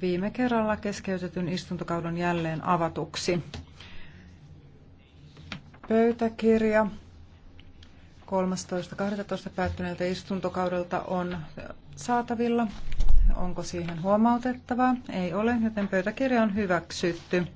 viime kerralla keskeytetyn istuntokauden jälleen avatuksi. Pöytäkirja 13.12. päättyneeltä istuntokaudelta on saatavilla. Onko siihen huomautettavaa? Ei ole, joten pöytäkirja on hyväksytty.